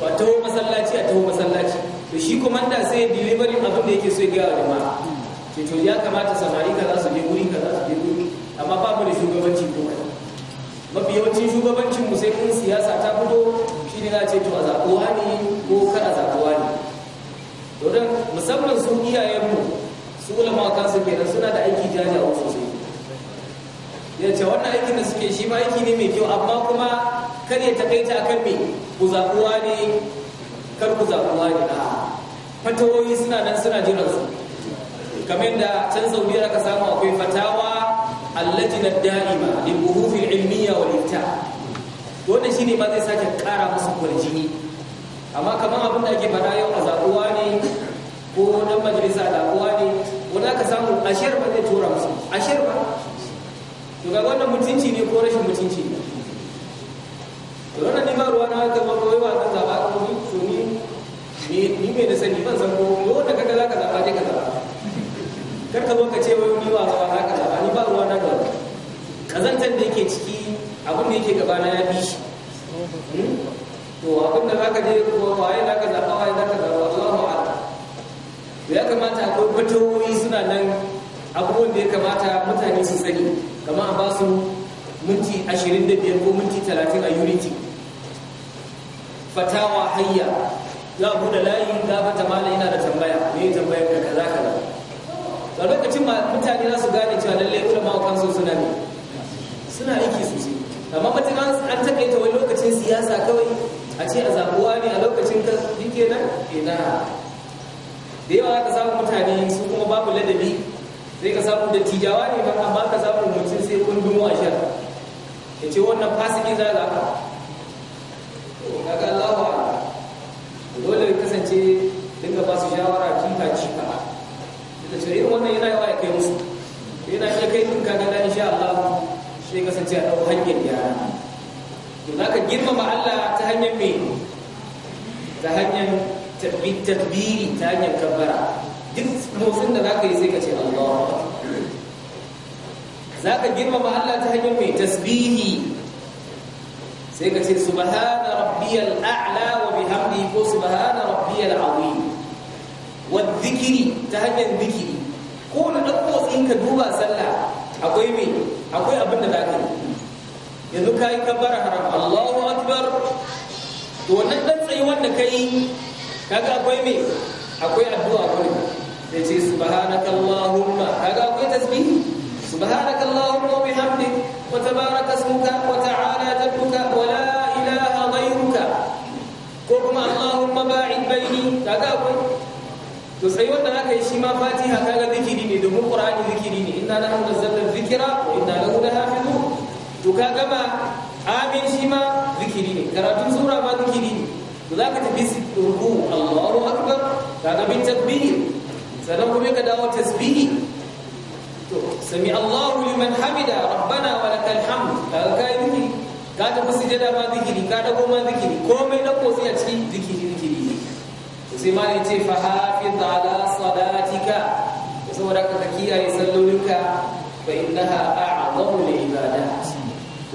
B: wa tawo masallaci a tawo masallaci to shi da sai delivery abin da yake so ya ga wa ce to ya kamata samari za su je ka za su je guri amma ba mu da shugabanci ko kai mafi yawancin shugabancin mu sai kun siyasa ta fito shi ne za ce to a zaɓo wani ko kar a zaɓo wani to dan musamman su iyayenmu su ulama kansu kenan suna da aiki jajawa sosai ya ce wannan aikin da suke shi ma aiki ne mai kyau amma kuma kar ya takaita kan me ku zaɓuwa ne kar ku zaɓuwa ne a fatawoyi suna nan suna jiran su kamar da can biyar aka samu akwai fatawa allajina da'ima lil buhufin ilmiya wal Wanda wannan ne ba zai sake kara musu kwarjini amma kamar abin da ake faɗa yau a zaɓuwa ne ko dan majalisa a zaɓuwa ne wani aka samu ashir ba zai tura musu ashir ba to ga wannan mutunci ne ko rashin mutunci to wannan ne ba ruwa na haka ba ko ba kan zaba ko ni to ni ni me da sani ban san ko wanda kaga zaka zaba je ka zaba kar ka zo ka ce wai ni ba zaba ka zaba ni ba ruwa na da kazantan da yake ciki abin da yake gaba na ya bi shi hmm? to abin da zaka je ko waye zaka zaba waye zaka zaba Allahu a'lam ya kamata akwai fatawoyi suna nan abubuwan da ya kamata mutane su sani kama a basu minti 25 ko minti 30 a unity fatawa hayya za a buɗe layi za fata mala yana da tambaya ne tambayar da kaza kaza a lokacin mutane za su gane cewa lallai kan kansu suna ne suna aiki sosai amma mutum an takaita wani lokacin siyasa kawai a ce a zabuwa ne a lokacin ka shi kenan ina da yawa aka samu mutane su kuma babu ladabi sai ka samu da tijawa ne ba amma ka samu mutum sai kundumo a shar ya ce wannan fasiki za a ka kaga Allah dole ya kasance dinga ba su shawara tun ta ci ka da ce wannan yana yawa ya kai musu yana iya kai tun kaga da insha Allah sai kasance a dau hanyar gyara to ka girmama Allah ta hanyar me ta hanyar tadbiri ta hanyar kabbara duk motsin da zaka yi sai ka ce Allah zaka girmama Allah ta hanyar mai tasbihi sai ka ce subhana rabbiyal a'la wa bihamdihi ko subhana rabbiyal azim wa dhikri ta hanyar dhikri ko na dan motsin ka duba sallah akwai me akwai abin da zaka yi yanzu kai kabbara haram Allahu akbar to wannan dan tsayi wanda kai kaga akwai me akwai addu'a gurin ya ce subhanakallahumma kaga akwai tasbihi subhanakallahumma wa bihamdik wa tabaraka ismuka wa ta'ala jadduka wa la ilaha ghayruka ko kuma allahumma ba'id baini kaga akwai to sai wanda aka yi shi ma fatiha kaga zikiri ne domin qur'ani zikiri ne inna nahnu nazzalna dhikra wa inna lahu lahafizun to kaga ma amin shi ma zikiri ne karatun sura ma zikiri ne to zaka tafi ruku Allahu akbar kaga bin takbir sannan kuma ka dawo tasbihi to sami Allahu liman hamida rabbana wa lakal hamd kaga kai ka tafi sujada ma zikiri ka dago ma zikiri komai na ko sai a cikin zikiri zikiri sai ma ya ce fa hafiz ala salatika saboda ka kiyaye sallolinka fa innaha a'zamu li ibada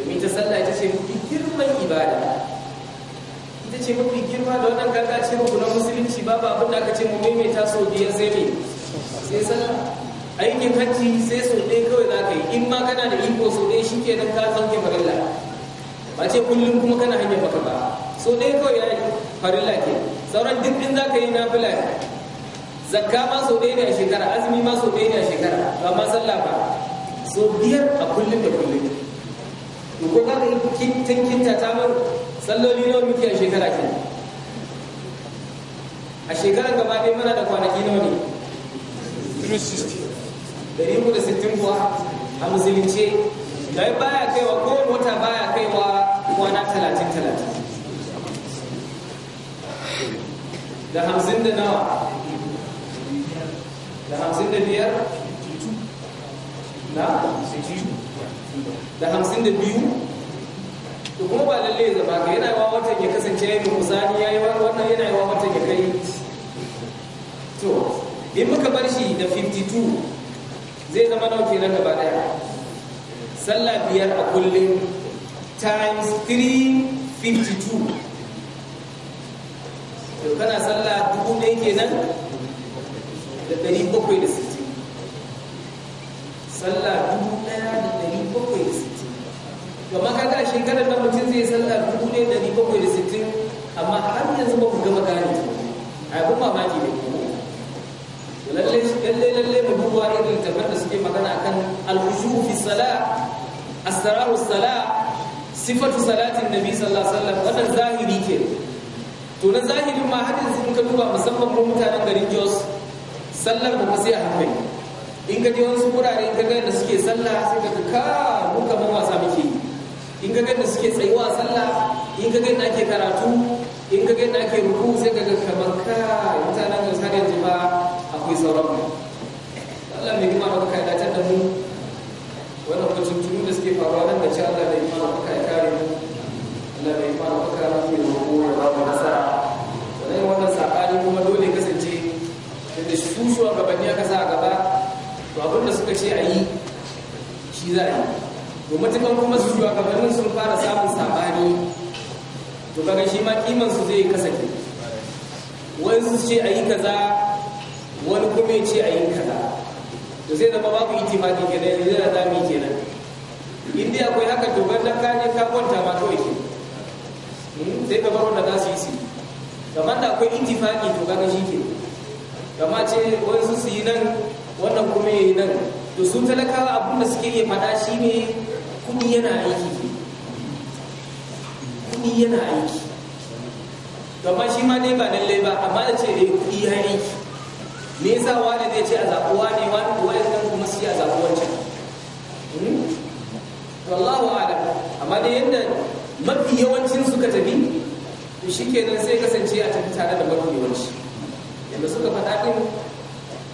B: domin ta sallah ita ce mafi girman ibada ita ce mafi girma da wannan kanta ce na musulunci babu abin da aka ce mu maimaita sau biyar sai mai sai sallah aikin hajji sai sau ɗaya kawai za ka yi in ma kana da iko sau ɗaya shi ke nan ka zauke farilla ba ce kullum kuma kana hanyar maka ba sau ɗaya kawai ya yi farilla ke sauran duk ɗin za ka yi na fila zakka ma sau ɗaya ne a shekara azumi ma sau ɗaya ne a shekara ba ma sallah ba sau biyar a kullum da kullum to ko kaga in kin kinta ta mar salloli nawa muke a shekara ke a shekarar gaba dai muna da kwanaki nawa ne 360 dari uku da sittin kuwa a musulunce da ya baya kaiwa kowane wata baya kaiwa kwana talatin talatin da hamsin da nawa da hamsin da biyar na 62 da hamsin da biyu to kuma ba lalle ya zama ga yana wa watan ya kasance ya yi musani ya yi wannan yana wa watan ya kai to in muka bar shi da 52 zai zama nawa kenan gaba daya sallah biyar a kullum times 352 to kana sallah dubu ɗaya kenan da ɗari bakwai da sittin sallah dubu ɗaya da gama kaga a shekarar da mutum zai sallah dubu ne ɗari bakwai da sittin amma har yanzu ba ku gama gane ta abin mamaki ne lalle lalle lalle mu duba irin tafar da suke magana akan al-khushu fi salah asraru salah sifatu salatin nabi sallallahu alaihi wasallam wannan zahiri ke to na zahirin ma hadin sun ka duba musamman ko mutanen garin Jos sallar ba sai a hankali in ka je wasu kurare ka ga da suke sallah sai ka ka mu kamar wasa muke yi in ga ganda suke tsayuwa sallah in ka ganda ake karatu in ka ganda ake ruku sai ka ga kamar ka mutanen da sa yanzu ba akwai sauran mu Allah mai kuma baka ya dace da mu wannan kucin da suke faruwa nan da cewa Allah da rima baka ya kare mu Allah mai rima baka ya mu roƙo ya ba mu nasara sannan wannan sakali kuma dole kasance da su shugabanni aka sa a gaba to abin da suka ce a yi shi za a yi to matukan kuma su shugabannin sun fara samun sabani to kaga shi ma kiman su zai kasance wani su ce yi kaza wani kuma ce a yi kaza to zai zama babu ke kenan yanzu yana zami kenan in akwai haka to ban ka kane ka kwanta ma kawai ke hmm, sai ka bar wanda za su yi su kamar da akwai ke to kaga shi ke kama ce wani su yi nan wannan kuma ya yi nan to sun talakawa abinda suke iya faɗa shi ne kuma yana aiki kuɗi yana aiki gama shi ma dai ba lallai ba amma da ce dai kuɗi ya aiki me yasa wani zai ce a zaɓi wani wani kuwa yanzu kuma su yi a zaɓi wancan hmm? wallahu alam amma dai yadda mafi yawancin suka tafi to shi kenan sai kasance a tafi tare da mafi yawanci yadda suka faɗa ɗin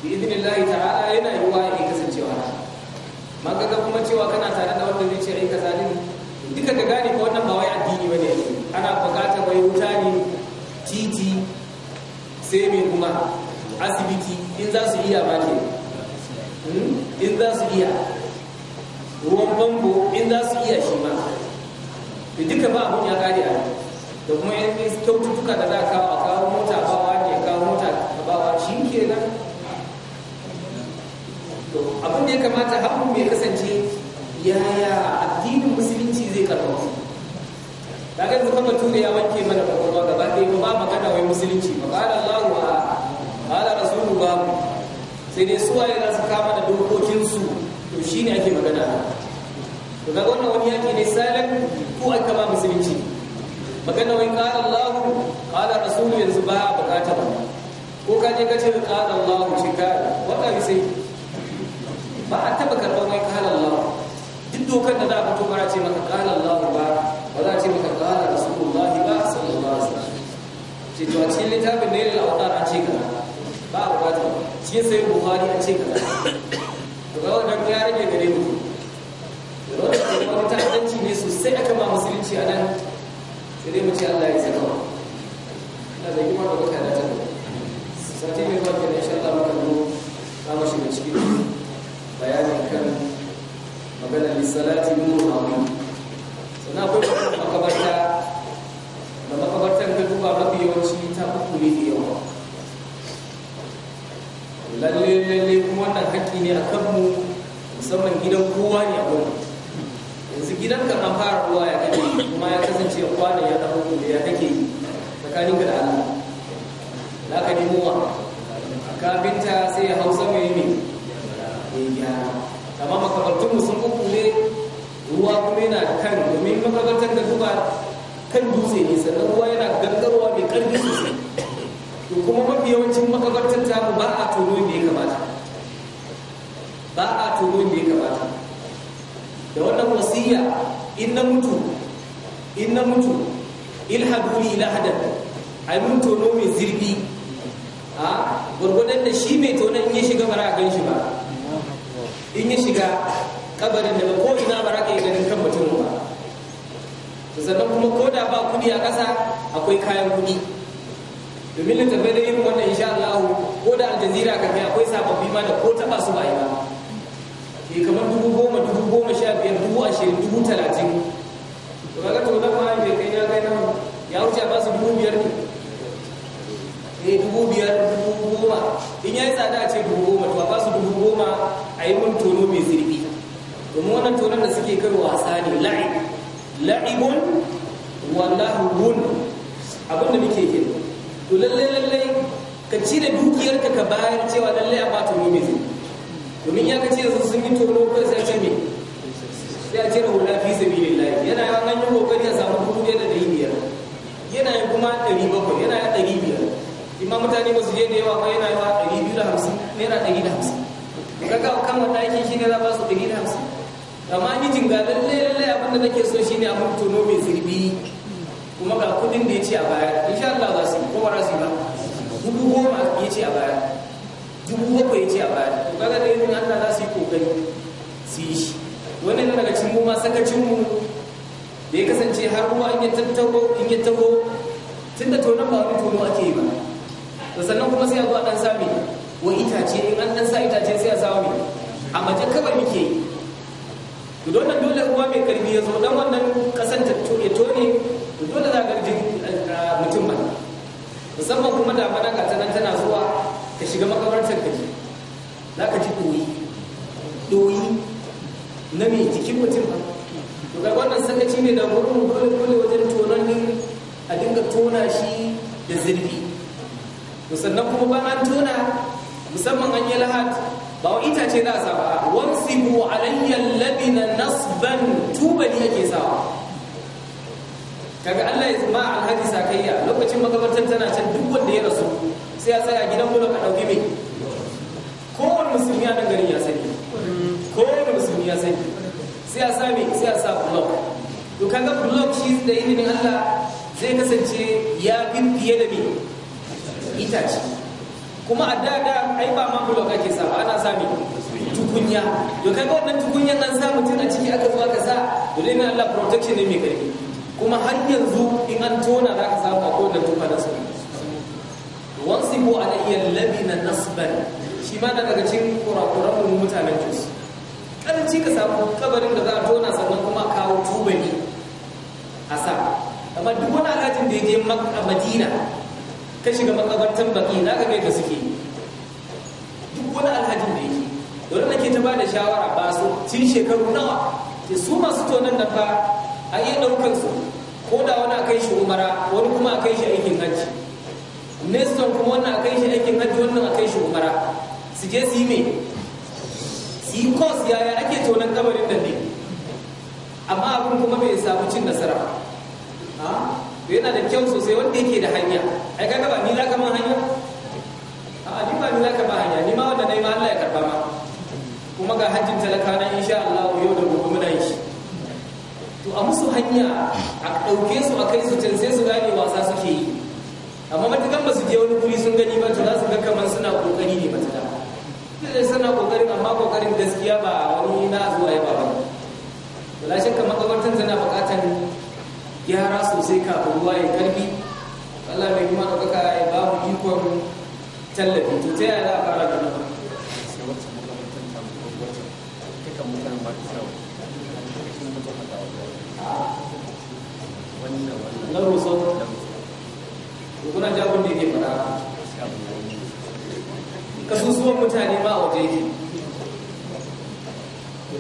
B: bi idinillahi ta'ala yana yiwuwa ya kasancewa haka magaga kuma cewa kana tare da wanda zai ce ai kaza din duka ka gane ko wannan ba wai addini bane ana bukatar wai wuta ne titi sai mai kuma asibiti in za su iya ba ke hmm? in za su iya ruwan bambo in za su iya shi ma da duka ba abun ya kare a da kuma yan kyaututtuka da za a kawo a kawo mota ba wa ne kawo mota ba wa shi kenan abin da ya kamata haɓun mai kasance yaya addinin musulunci zai karfafa da ga zuwa kama ture ya wanke mana kwakwalwa gaba ɗaya ba magana wai musulunci ba ba da allahu ba ba da rasulu ba sai dai su waye za su kama da dokokinsu to shi ne ake magana to ga wannan wani yaki ne salon ko an kama musulunci magana wai ƙara allahu ƙara rasulu yanzu ba bukata ba ko ka je ka ce ƙara allahu ce ka wata sai ba a taba karɓar mai kala Allah duk dokar da za a fito mara ce maka kala Allah ba ba za a ce maka kala Rasulullah ba sallallahu alaihi wasallam ce to a cikin littafin ne da awtar a ce kaza ba a bukata cikin sai Bukhari a ce kaza to ga wannan ya rage gare mu wannan ta'addanci ne sosai aka ma musulunci a nan sai dai mu ce Allah ya saka Allah zai yi maka da ta sati mai ba magana lissalati nuru hawi sannan akwai magana makabarta da makabartan ka duba mafi yawanci ta ne da yawa lalle lalle kuma wannan haƙƙi ne a kanmu musamman gidan kowa ne a gwamnati yanzu gidanka an fara ruwa ya kake kuma ya kasance kwanan ya ɗan hukun ya kake yi tsakaninka da Allah za ka nemo wa kafinta sai ya hausa mai ne ya gyara amma makabartun mu sun ne ruwa kuma yana kan domin makabartar da kuma kan dutse ne sannan ruwa yana gangarwa mai karfi sosai to kuma mafi yawancin makabartar ta ba a tono da ya kamata ba a tono da ya kamata da wannan wasiya in na mutu in na mutu ilhaduli lahadan ai mun tono mai zirbi a ah, gwargwadon da shi mai tonon in ya shiga bara a gan shi ba in ya shiga kabarin daga ko ina ba za ka yi ganin kan mutum ba sannan kuma ko da ba kuɗi a ƙasa akwai kayan kuɗi domin littafai da yin wannan insha Allah ko da aljazira ka kai akwai sababbi ma da ko taɓa su ba yi ba ke eh, kamar dubu goma dubu goma sha biyar dubu ashirin dubu talatin to ga to nan ma bai kai ya kai nan ya wuce ba su dubu biyar ne eh dubu biyar dubu goma in ya yi tsada a ce dubu goma to a ba su dubu goma yi mun tono mai zurfi domin wannan tonon da suke kai wasa ne la'ib la'ibun wa lahwun abin da muke ke to lalle lalle ka ci da dukiyarka ka bayar cewa lalle a ba tono mai zurfi domin ya ka ce yanzu sun yi tono kai sai ce me sai a ce da hula fi sabilillah yana yawan yin kokari a samu dubu ɗaya da ɗari biyar yana yin kuma ɗari bakwai yana yin ɗari biyar imma mutane ba su je da yawa ba yana yawa ɗari biyu da hamsin naira ɗari da hamsin kaga kan wanda shi ne za ba su hamsin amma ni jinga lalle lalle abin da nake so shine a mun tono mai zirbi kuma ga kudin da yace a baya insha Allah za su ko ba su ba dubu goma yace a baya dubu bakwai yace a baya to kaga dai in Allah za su yi kokari su yi shi wannan daga cikin goma ma sakacin mu da ya kasance har ruwa in ya tattaro in ya taho tunda tonon ba wani tono ake yi ba sannan kuma sai a zo a dan sami ko itace in an dan sa itace sai a samu mai a mace kawai muke yi to dole dole ruwa mai karbi ya zo dan wannan kasan ta tone tone to dole za ka ji eh, mutum ba musamman kuma da mana ka tana tana zuwa ka shiga makabartar ka ji za ka ji doyi doyi na mai jikin mutum ba to ga wannan sakaci ne da gurin dole dole wajen tonan din a dinga tona shi da zirgi to sannan kuma ba an tona musamman an yi lahat ba wa itace za a saba ba wansibu alayyan labina nasban tubali ake sawa kaga Allah ya ma alhaji sakayya lokacin makabartar tana can duk wanda ya rasu sai ya tsaya gidan gudun a dauki mai kowane musulmi a nan garin ya sani kowane musulmi ya sani sai ya sa sai ya sa blog to kaga blog shi da ilimin Allah zai kasance ya fi fiye da mai itace kuma a da da ai ba ma bulok ake sa ana sami tukunya to kaga wannan tukunya nan sa mutum a ciki aka zo aka sa to dai Allah protection ne mai karfi kuma har yanzu in an tona za ka samu ko wannan tuka na su wansibu alayya alladhina nasban shi ma daga cikin kurakuran mutanen Jos ci ka samu kabarin da za a tona sannan kuma kawo tubali a sa amma duk wani alajin da ya je Madina ka shiga makabartan baki za ka kai ka suke duk wani alhajin da yake dole ke ta bada shawara ba su cin shekaru nawa ke su masu tonon nan fa a iya ɗaukar su ko da wani a kai shi umara wani kuma a kai shi aikin hajji nestor kuma wannan a kai shi aikin hajji wannan a kai shi umara su je su yi me su yi kos yaya ake tonon kabarin da ne amma abin kuma bai samu cin nasara ah? to yana da kyau sosai wanda yake da hanya ai ka ba ni zaka man hanya a ni ba ni zaka ba hanya ni ma wanda nayi ma Allah ya karba ma kuma ga hajjin talaka na insha Allah yau da gobe muna yi to a musu hanya a dauke su a kai su can sai su gane wasa suke yi amma matakan ba su je wani guri sun gani ba to za su ga kamar suna kokari ne matakan sai suna kokarin amma kokarin gaskiya ba wani na zuwa ya ba ba lashin kamar kabartan tana bukatan gyara sosai kafin ruwa ya karbi Allah mai kuma ɗaukaka ya ba mu ikon tallafi to ta yaya za a fara gano
A: na roso kuna da
B: kasusuwan mutane ma a waje yake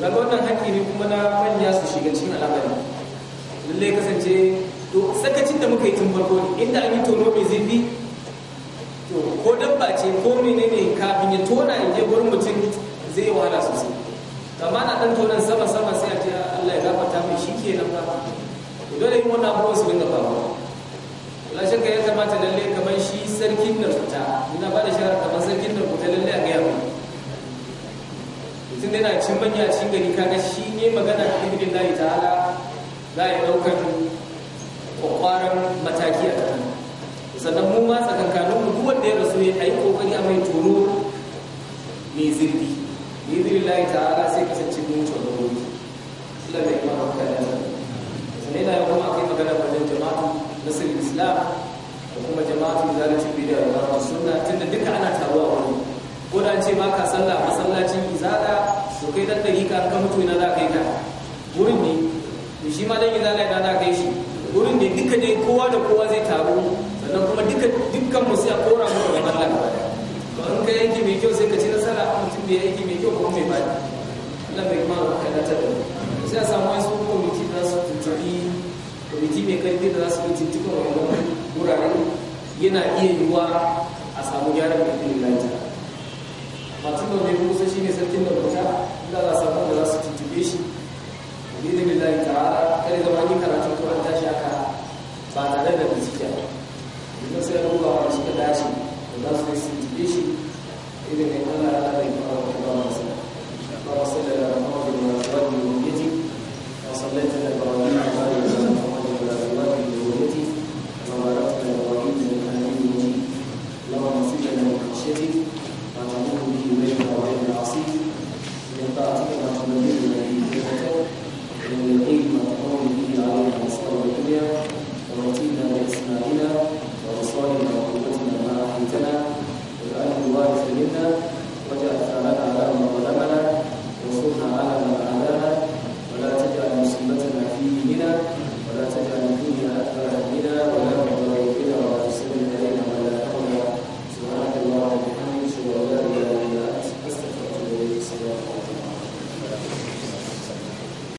B: daga wannan haƙƙi ne kuma na manya su shiga cikin al'amari lallai kasance to sakacin da muka yi tun farko inda an yi tono mai zirfi to ko dabba ce ko menene kafin ya tona in je gurin mutum zai wahala sosai amma na dan tonan sama sama sai a ce ah, Allah ya gafarta mai nan ba dole yin wannan abubuwan su dinga faruwa la ka ya kamata lalle kamar shi sarkin da fita ina ba da shahara kamar sarkin da fita lalle a gaya mai mutum yana cin manya cin gari kaga shi ne magana da ibn Allah ta'ala za a yi ɗaukar kwakwaran mataki a kan sannan mu ma tsakankanin mu duk wanda ya rasu ne a yi kokari a mai turo mai zirgi izinin layi ta'ala sai kasance mun wuce da wuri sila da imam haka da sannan yana kuma akwai magana wajen jama'atu sirri islam da kuma jama'atu zalacin bidiyar da ba suna tunda duka ana taruwa wani ko da ce ba ka sallah masallacin izada to kai ɗan ɗari ka mutu na za ka yi ka. wurin ne to shi ma dan izala da za kai shi wurin da duka dai kowa da kowa zai taru sannan kuma duka dukkan mu sai a kora mu da Allah to an kai aiki mai kyau sai ka ci nasara a mutum da aiki mai kyau kuma mai bani Allah bai ma ta da sai a samu wasu komiti da su tuntubi komiti mai karfi da za su yi tuntuɓa wannan wuraren yana iya yiwuwa a samu gyaran da ke lalata. Matun da mai kusa shi ne sarkin da kuta, inda za a samu da za su tuntuɓa bi da billahi ta'ala kare zama ni karatu ko an tashi aka ba tare da bincike ba idan sai ruwa wanda suka dace da za su yi
A: sintike shi idan ne Allah ya Allah ya fara da sallallahu alaihi wa sallam wa sallallahu alaihi wa sallam